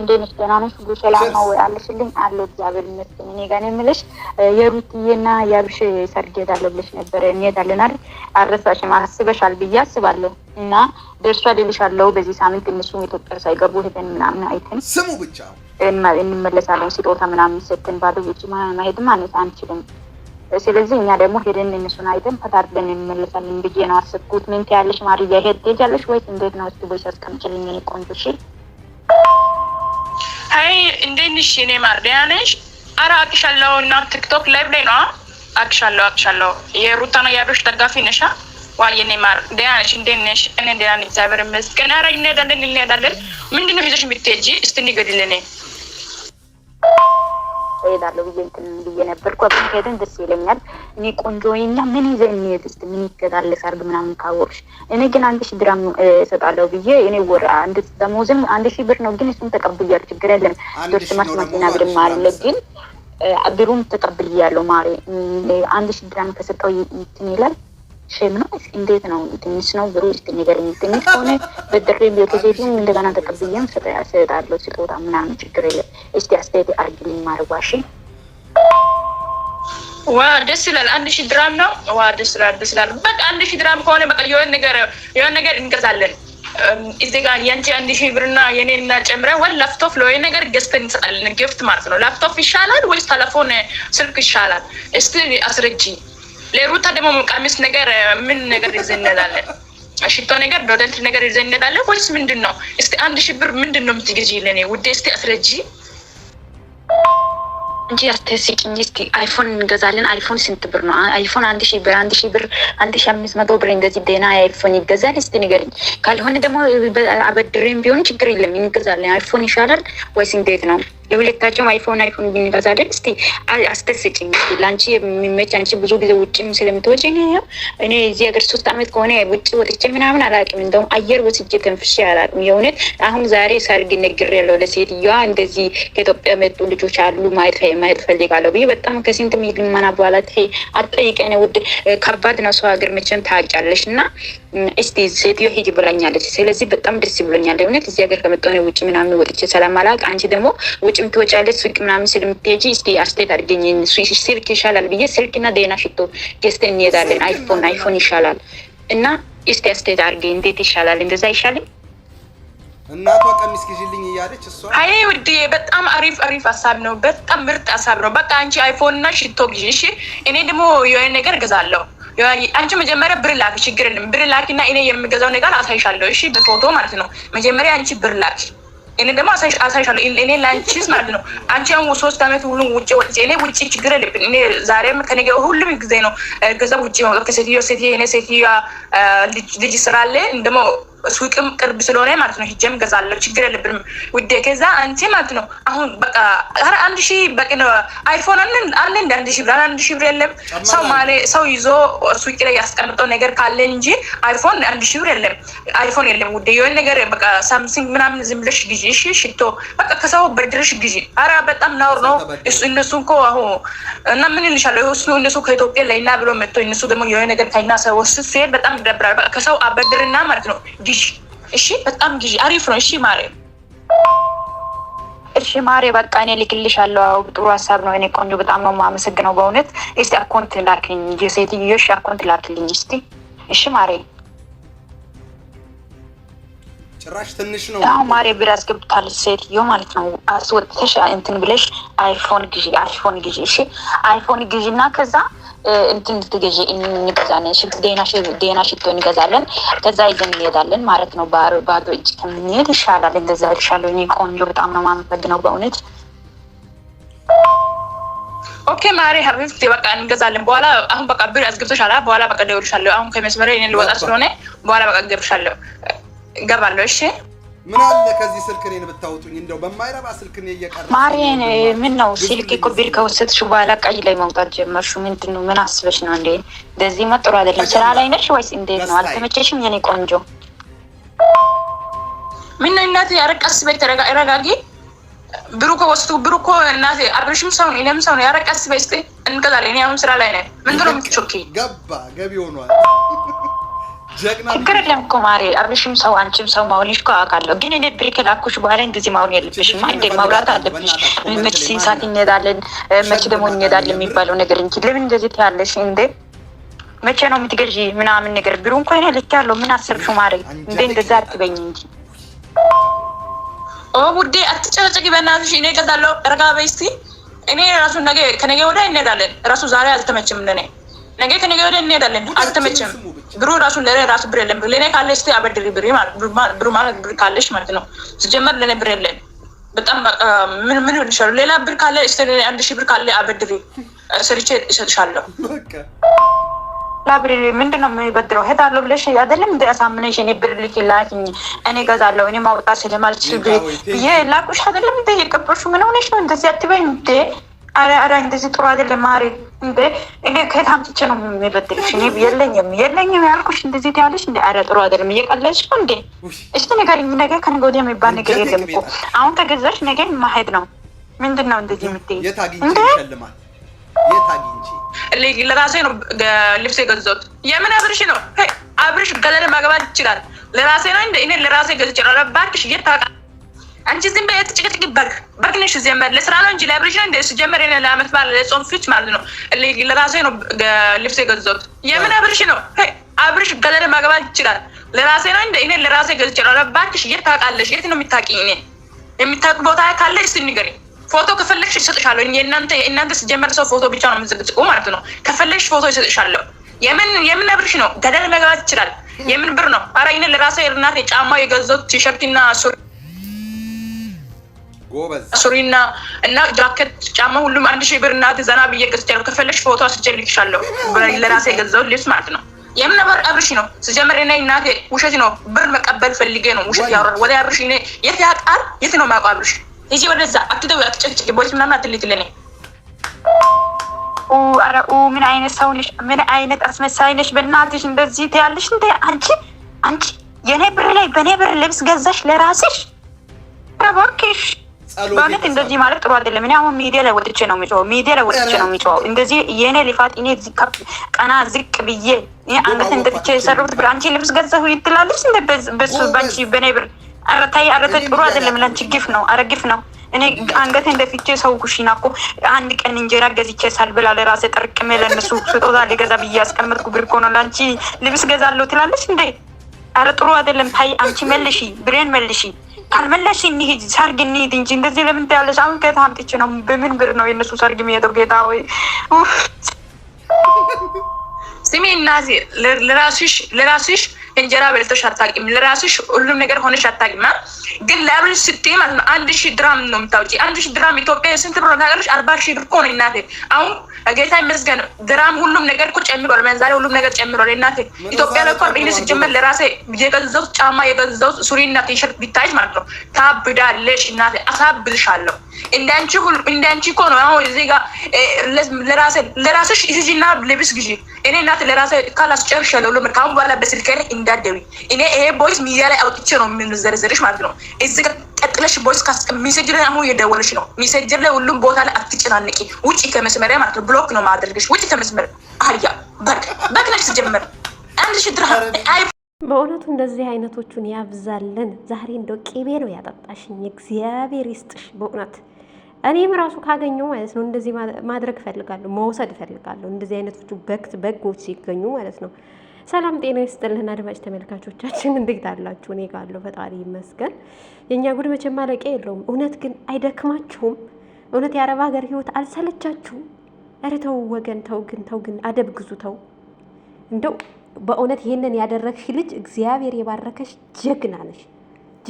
እንዴት ነሽ? ደህና ነሽ? ሁሉ ሰላም ነው ወይ አለሽልኝ? አለሁ እግዚአብሔር ይመስገን። እኔ ጋር ነው የምልሽ የሩትዬና የአብርሽ ሰርግ እሄዳለሁ ብለሽ ነበረ። እንሄዳለን አይደል? አልረሳሽም? አስበሻል ብዬ አስባለሁ እና ደርሷል እልሻለሁ። በዚህ ሳምንት እነሱ ኢትዮጵያ ሳይገቡ ሄደን ምናምን አይተን ስሙ ብቻ እንመለሳለን። ስጦታ ምናምን ሰጥተን ባዶ ውጭ ማሄድ ማለት አንችልም። ስለዚህ እኛ ደግሞ ሄደን እነሱን አይተን ፈታርደን እንመለሳለን ብዬ ነው አስብኩት። ምን ትያለሽ ማርያ? ሄድ ትሄጃለሽ ወይስ እንዴት ነው? እስኪ ቦይስ አስቀምጪልኝ ቆንጆ። እሺ አይ እንዴት ነሽ የኔ ማር ደህና ነሽ? ኧረ አውቅሻለሁ እና ቲክቶክ ላይቭ ላይ ነው አውቅሻለሁ የሩታ ነው የአብርሽ ደጋፊ ነሻ? ዋል የኔ ማር ደህና ነሽ? እንዴት ነሽ? እኔ ደህና ነኝ እግዚአብሔር ይመስገን። ኧረ እንሄዳለን እንሄዳለን። ምንድን ነው ይዘሽ የምትሄጂ? እስቲ ንገሪልኝ እሄዳለሁ ብዬ እንትን ብዬ ነበርኩ። ብንሄድን ደስ ይለኛል። እኔ ቆንጆ ቆንጆኛ ምን ይዘ እንሄድ እስኪ ምን ይገዛል ሰርግ ምናምን ካወቅሽ። እኔ ግን አንድ ሺ ድራም እሰጣለሁ ብዬ እኔ ወር አንድ ደሞዝም አንድ ሺ ብር ነው፣ ግን እሱም ተቀብያለሁ። ችግር የለም ዶርስ ማስማትና ብርም አለ ግን ብሩም ተቀብያለሁ። ማሬ አንድ ሺ ድራም ከሰጠው እንትን ይላል ሼም ነው እንዴት ነው? ትንሽ ነው ብሩ ስ ነገር ትንሽ ከሆነ በደሬ ቤተሴትም እንደገና ተቀብዬም ሰጣለሁ ስጦታ ምናምን ችግር የለም። እስቲ አስተያየት አድርግልኝ። ማርጓሽ ዋ ደስ ይላል። አንድ ሺህ ድራም ነው። ዋ ደስ ይላል፣ ደስ ይላል። በቃ አንድ ሺህ ድራም ከሆነ በቃ የሆነ ነገር የሆነ ነገር እንገዛለን። እዚህ ጋር የአንቺ አንድ ሺህ ብርና የኔ እና ጨምረን ወይ ላፕቶፕ ለወይ ነገር ገዝተን እንሰጣለን። ጊፍት ማለት ነው። ላፕቶፕ ይሻላል ወይስ ቴሌፎን ስልክ ይሻላል? እስቲ አስረጂ። ለሩታ ደግሞ ቀሚስ ነገር ምን ነገር ይዘን እንላለን? ሽቶ ነገር ዶደንት ነገር ይዘን እንላለን ወይስ ምንድን ነው? እስቲ አንድ ሺህ ብር ምንድን ነው የምትገዢ ለኔ ውዴ? እስቲ አስረጂ። እንጂ አስተስቂኝ። እስኪ አይፎን እንገዛለን። አይፎን ስንት ብር ነው? አይፎን አንድ ሺ ብር፣ አንድ ሺ ብር፣ አንድ ሺ አምስት መቶ ብር እንደዚህ ደህና አይፎን ይገዛል። እስቲ ንገርኝ። ካልሆነ ደግሞ አበድሬም ቢሆን ችግር የለም እንገዛለን። አይፎን ይሻላል ወይስ እንዴት ነው? የሁለታቸውም አይፎን አይፎን ብንገዛ አይደል? እስቲ አስደስጭኝ። ለአንቺ የሚመች አንቺ ብዙ ጊዜ ውጭ ስለምትወጪ እኔ እዚህ ሀገር ሶስት አመት ከሆነ ውጭ ወጥቼ ምናምን አላውቅም። እንደውም አየር ወስጄ ተንፍሼ አላውቅም። የእውነት አሁን ዛሬ ሰርግ ነግር ነግሬያለሁ ለሴትዮዋ። እንደዚህ ከኢትዮጵያ መጡ ልጆች አሉ ማየት ፈልጋለሁ ብዬ በጣም ከስንት ሚግማና በኋላ አጠይቀን ውድ ከባድ ነው ሰው ሀገር መቼም ታውቂያለሽ እና እስቲ ሴትዮ ሂጂ ብላኛለች። ስለዚህ በጣም ደስ ብሎኛል። እውነት እዚህ ሀገር ከመጣሁ ውጭ ምናምን ወጥቼ ሰላም አላውቅ። አንቺ ደግሞ ውጭ ምትወጫለች ሱቅ ምናምን ስለምትሄጂ እስቲ አስቴት አድርገኝ። ስልክ ይሻላል ብዬ ስልክና ደህና ሽቶ ገዝተን እንሄዳለን። አይፎን አይፎን ይሻላል እና እስቲ አስቴት አድርገኝ። እንዴት ይሻላል? እንደዛ ይሻላል። እናቷ ቀሚስ ግዢልኝ እያለች እሷ አይ ውዴ፣ በጣም አሪፍ አሪፍ ሀሳብ ነው። በጣም ምርጥ ሀሳብ ነው። በቃ አንቺ አይፎን እና ሽቶ ግዢ፣ እሺ። እኔ ደግሞ የሆነ ነገር ገዛለሁ አንቺ መጀመሪያ ብር ላክ፣ ችግር የለም ብር ላክ እና እኔ የምገዛው ነገር አሳይሻለሁ። እሺ፣ በፎቶ ማለት ነው። መጀመሪያ አንቺ ብር ላክ፣ እኔ ደግሞ አሳይሻለሁ። እኔ ለአንቺስ ማለት ነው። አንቺ አሁን ሶስት ዓመት ሁሉም ውጭ ወጭ፣ እኔ ውጭ ችግር የለብኝ። እኔ ዛሬም ከነገ ሁሉም ጊዜ ነው ገዛ ውጭ ከሴትዮ ሴትዮ እኔ ሴትዮዋ ልጅ ስራለ ደግሞ ሱቅም ቅርብ ስለሆነ ማለት ነው ሂጄም ገዛለሁ። ችግር የለብንም ውዴ። ከዛ አንቺ ማለት ነው አሁን በቃ ኧረ አንድ ሺ በቂ ነው። አይፎን አለ እንደ አንድ ሺ ብር አንድ ሺ ብር የለም። ሰው ማለ ሰው ይዞ ሱቅ ላይ ያስቀምጠው ነገር ካለን እንጂ አይፎን አንድ ሺ ብር የለም። አይፎን የለም ውዴ። የሆነ ነገር በቃ ሳምሲንግ ምናምን ዝም ብለሽ ግዢ። እሺ ሽቶ በቃ ከሰው በድርሽ ግዢ። ኧረ በጣም ናውር ነው እሱ። እነሱ እኮ አሁ እና ምን ልሻለሁ እሱ እነሱ ከኢትዮጵያ ላይና ብሎ መጥቶ እነሱ ደግሞ የሆነ ነገር ከኛ ሰው ወስድ ሲሄድ በጣም ይደብራል። ከሰው አበድርና ማለት ነው ግዢ። እሺ፣ በጣም ግዢ። አሪፍ ነው። እሺ ማሬ፣ እሺ ማሬ፣ በቃ እኔ ልክልሽ አለው። ጥሩ ሀሳብ ነው። እኔ ቆንጆ፣ በጣም ነው የማመሰግነው በእውነት። እስቲ አኮንት ላክልኝ፣ የሴትዮሽ አኮንት ላክልኝ እስቲ። እሺ ማሬ ጭራሽ ትንሽ ነው። አሁን ማሬ ብር አስገብታል ሴትዮ ማለት ነው። አስወጥተሽ እንትን ብለሽ አይፎን ግዢ፣ አይፎን ግዢ። እሺ አይፎን ግዢ እና ከዛ እንትን ትገዢ እንገዛለን፣ ዴና ሽቶ እንገዛለን። ከዛ ይዘን እንሄዳለን ማለት ነው። ባዶ እጅ ከምንሄድ ይሻላል። እንደዛ ይሻለ። ቆንጆ በጣም ነው የማመሰግነው በእውነት። ኦኬ ማሪ ሀቢብቲ በቃ እንገዛለን። በኋላ አሁን በቃ ብር አስገብተሻል። በኋላ በቃ ደውልሻለሁ። አሁን ከመስመር ልወጣ ስለሆነ በኋላ በቃ ገብሻለሁ፣ ገባለሁ። እሺ ምን አለ ከዚህ ስልክ እኔን ብታወጡኝ፣ እንደው በማይረባ ስልክ እኔ እየቀረ ማርያም፣ ምን ነው ስልክ እኮ ቢል ከወሰድሽው በኋላ ቀይ ላይ መውጣት ጀመርሹ። ምንድን ነው? ምን አስበሽ ነው እንዴ? እንደዚህ መጥሩ አይደለም። ስራ ላይ ነሽ ወይስ እንዴት ነው? አልተመቸሽም? የኔ ቆንጆ፣ ምን ነው እናቴ? ኧረ ቀስ በይ ተረጋጊ። ብሩኮ ወስዱ፣ ብሩኮ እናቴ። አብርሽም ሰው ነው፣ እኔም ሰው ነው። ኧረ ቀስ በይ እስኪ እንቀጣለን። እኔ አሁን ስራ ላይ ነኝ። ምንድን ነው የምትጮኪ? ገባ ገቢ ሆኗል። ችግር የለም እኮ ማሬ፣ አብርሽም ሰው አንቺም ሰው መሆንሽ እኮ አውቃለሁ። ግን እኔ ብሬክ ላኩሽ በኋላ እንደዚህ መሆን የለብሽም። እንደ ማውራት አለብሽ። መች ሲንሳት ሰዓት እንሄዳለን፣ መች ደግሞ እንሄዳለን የሚባለው ነገር እንጂ ለምን እንደዚህ ትያለሽ እንዴ? መቼ ነው የምትገዢ ምናምን ነገር ቢሩ እንኳ ሆነ ልክ ያለው ምን አሰብሽው ማሬ? እንዴ እንደዛ አትበኝ እንጂ ኦ ውዴ፣ አትጨረጨቂ በእናትሽ። እኔ እገዛለሁ። ረጋ በይ እስኪ። እኔ ራሱ ነገ ከነገ ወዲያ እንሄዳለን። ራሱ ዛሬ አልተመችም ለኔ ነገ ከነገ ወዲያ እንሄዳለን። አልተመቸም። ብሩ ራሱ ለእኔ ራሱ ብር የለም። ለእኔ ካለሽ እስኪ አበድሪ ብሩ ማለት ብር ካለሽ ማለት ነው። ስጀመር ለእኔ ብር የለን። በጣም ምን ምን እልሻለሁ። ሌላ ብር ካለ እስኪ አንድ ሺህ ብር ካለ አበድሪ ስርቼ እሰጥሻለሁ። ላብሪ ምንድን ነው የሚበድረው? እሄዳለሁ ብለሽ አይደለም እንደ አሳምነሽ እኔ ብር ልክ ላኪኝ እኔ ገዛለሁ እኔ ማውጣት ስለማልችል ብዬ ላቁሽ አይደለም እንደ የቀበርሹ ምን ሆነሽ ነው? እንደዚህ አትበይ እንዴ! ኧረ ኧረ እንደዚህ ጥሩ አይደለም ማሪ እንዴ እኔ ከየት አምጥቼ ነው የሚበድልሽ? እኔ የለኝም የለኝም ያልኩሽ እንደዚህ ያለሽ እንዴ? አረ ጥሩ አይደለም። እየቀለድሽ ነው እንዴ? እስቲ ንገሪኝ። ነገ ከነገ ወዲያ የሚባል ነገር የለም እኮ አሁን ተገዛሽ፣ ነገ ማሄድ ነው። ምንድን ነው እንደዚህ የምትይኝ? ለራሴ ነው ልብስ የገዛሁት። የምን አብርሽ ነው? አብርሽ ገደል መግባት ይችላል። ለራሴ ነው እንደ እኔ ለራሴ ገዝቼ ነው። እባክሽ እየታወቃ አንቺ ዝም በይ አትጭቅጭቂ። በግ በግ ነሽ። ሲጀመር ለስራ ነው እንጂ ለብሪጅ ነው እንደ ሲጀመር የለ ለአመት ባለ ለጾም ፊች ማለት ነው ለራሴ ነው ልብስ የገዛሁት። የምን አብርሽ ነው? አብርሽ ገለል ማግባት ይችላል። ለራሴ ነው እንደ እኔ ለራሴ ገዝቼ ነው። እባክሽ የት ታውቃለሽ? የት ነው የሚታቂ? እኔ የሚታቅ ቦታ ካለሽ ንገሪኝ። ፎቶ ከፈለግሽ ይሰጥሻለሁ። እናንተ እናንተ ሲጀመር ሰው ፎቶ ብቻ ነው የምዘግጽቁ ማለት ነው። ከፈለግሽ ፎቶ ይሰጥሻለሁ። የምን የምን አብርሽ ነው? ገደል መግባት ይችላል። የምን ብር ነው? ኧረ እኔ ለራሴ እናቴ ጫማ የገዛሁት እና ሱሪ ሱሪና እና ጃኬት ጫማ ሁሉም አንድ ሺህ ብር እናት ዘና ብዬ ገዝቻለሁ። ከፈለግሽ ፎቶ አስጀልክሻለሁ። ለራሴ የገዛሁት ልብስ ማለት ነው። የምን ነበር አብርሽ ነው ስጀመር ና እናቴ ውሸት ነው። ብር መቀበል ፈልጌ ነው ውሸት ያወራል። ወደ አብርሽ ኔ የት ያቃር የት ነው ማውቀው አብርሽ እዚ ወደዛ አትደው አትጨቅጭቅ ቦይስ ምናምን አትልት ለኔ ኧረ ምን አይነት ሰው ነሽ? ምን አይነት አስመሳይ ነሽ? በእናትሽ እንደዚህ ትያለሽ? እንደ አንቺ አንቺ የኔ ብር ላይ በእኔ ብር ልብስ ገዛሽ ለራስሽ? እባክሽ በእውነት እንደዚህ ማለት ጥሩ አይደለም። እኔ አሁን ሚዲያ ላይ ወጥቼ ነው የሚጮኸው፣ ሚዲያ ላይ ወጥቼ ነው የሚጮኸው። እንደዚህ የእኔ ልፋት እኔ ቀና ዝቅ ብዬ አንገት እንደፍቼ የሰሩት አንቺ ልብስ ገዛሁ ይትላለች እንደ በሱ ባንቺ በኔ ብር አረታይ አረተ ጥሩ አይደለም። ለአንቺ ግፍ ነው፣ አረ ግፍ ነው። እኔ አንገት እንደፍቼ ሰው ኩሽና እኮ አንድ ቀን እንጀራ ገዝቼ ሳልበላ ለራሴ ጠርቅሜ ለእነሱ ስጦታ ልገዛ ብዬ ያስቀመጥኩ ብር እኮ ነው ለአንቺ ልብስ ገዛለሁ ትላለች እንዴ! አረ ጥሩ አይደለም። ታይ አንቺ መልሺ፣ ብሬን መልሺ አልበላሽ እንሂድ ሰርግ እንሂድ እንጂ እንደዚህ ለምን ትያለሽ? አሁን ከየት አምጥቼ ነው? በምን ብር ነው የእነሱ ሰርግ የሚሄደው? ጌታ ወይ ስሜ እናዜ ለራስሽ ለራስሽ እንጀራ በልተሽ አታውቂም። ለራስሽ ሁሉም ነገር ሆነሽ አታውቂም። ግን ለአብረሽ ስትይ ማለት ነው አንድ ሺህ ድራም ነው የምታውጪ። አንድ ሺህ ድራም ኢትዮጵያ ስንት ብር ታውቂያለሽ? አርባ ሺህ ብር እኮ ነው እናቴ። አሁን ጌታ ይመስገን ድራም ሁሉም ነገር እኮ ጨምሯል። መንዛሬ ሁሉም ነገር ጨምሯል እናቴ። ኢትዮጵያ ለኮ እኮ ይህን ስጀመር ለራሴ የገዛሁት ጫማ የገዛሁት ሱሪና ቲሸርት ቢታይሽ ማለት ነው ታብዳለሽ እናቴ። አሳብልሻለሁ እንዳንቺ እንዳንቺ እኮ ነው አሁን እዚህ ጋር ለራሴ ለራስሽ ይህጅና ልብስ ግዢ እኔ እናት ለራሰ ለራሴ ካላስጨርሻለሁ ሁሉ ከአሁን በኋላ በስልክ እንዳደዊ እኔ ይሄ ቦይስ ሚዲያ ላይ አውጥቼ ነው የምንዘረዘርሽ ማለት ነው። እዚ ቀጥለሽ ቦይስ ካስ ሜሴንጀር ላይ አሁን እየደወለሽ ነው። ሜሴንጀር ላይ ሁሉም ቦታ ላይ አትጨናነቂ። ውጭ ከመስመሪያ ማለት ነው። ብሎክ ነው ማድረግሽ። ውጭ ከመስመር አህያ በቅ በቅለሽ ስጀምር አንድ ሺ ድርሃ በእውነቱ እንደዚህ አይነቶቹን ያብዛልን። ዛሬ እንደው ቅቤ ነው ያጠጣሽኝ። እግዚአብሔር ይስጥሽ በእውነት እኔም ራሱ ካገኘው ማለት ነው እንደዚህ ማድረግ እፈልጋለሁ፣ መውሰድ እፈልጋለሁ። እንደዚህ አይነቶቹ በግት በጎች ሲገኙ ማለት ነው። ሰላም ጤና ይስጥልን አድማጭ ተመልካቾቻችን፣ እንዴት አላችሁ? እኔ ጋለሁ ፈጣሪ ይመስገን። የእኛ ጉድ መቼም ማለቂያ የለውም። እውነት ግን አይደክማችሁም? እውነት የአረብ ሀገር ህይወት አልሰለቻችሁም? ኧረ ተው ወገን፣ ተው ግን፣ ተው ግን፣ አደብ ግዙ። ተው እንደው በእውነት ይህንን ያደረግሽ ልጅ እግዚአብሔር የባረከሽ ጀግና ነሽ።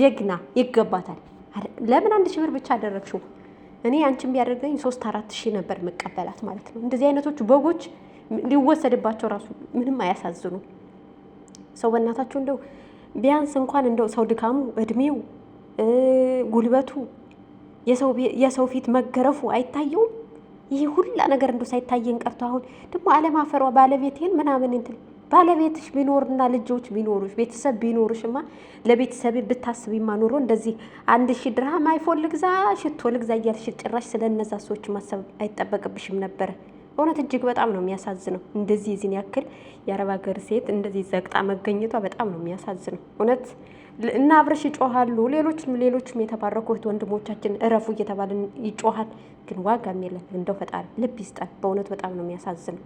ጀግና ይገባታል። ለምን አንድ ሺህ ብር ብቻ አደረግሽው? እኔ አንቺን ቢያደርገኝ ሶስት አራት ሺህ ነበር መቀበላት ማለት ነው። እንደዚህ አይነቶቹ በጎች ሊወሰድባቸው ራሱ ምንም አያሳዝኑ። ሰው በእናታቸው እንደው ቢያንስ እንኳን እንደው ሰው ድካሙ፣ እድሜው፣ ጉልበቱ፣ የሰው ፊት መገረፉ አይታየውም። ይህ ሁላ ነገር እንደው ሳይታየን ቀርቶ አሁን ደግሞ አለማፈሯ ባለቤቴን ምናምን እንትን ባለቤትሽ ቢኖርና ልጆች ቢኖሩሽ ቤተሰብ ቢኖርሽማ ለቤተሰብ ብታስቢማ ኖሮ እንደዚህ አንድ ሺ ድርሃም አይፎን ልግዛ፣ ሽቶ ልግዛ እያልሽ ጭራሽ ስለ እነዛ ሰዎች ማሰብ አይጠበቅብሽም ነበረ። እውነት እጅግ በጣም ነው የሚያሳዝነው። እንደዚህ ዚን ያክል የአረብ ሀገር ሴት እንደዚህ ዘግጣ መገኘቷ በጣም ነው የሚያሳዝነው። እውነት እና አብረሽ ይጮሃሉ። ሌሎችም ሌሎችም የተባረኩት ወንድሞቻችን እረፉ እየተባለ ይጮሃል። ግን ዋጋም የለን። እንደው ፈጣሪ ልብ ይስጠን። በእውነት በጣም ነው የሚያሳዝነው።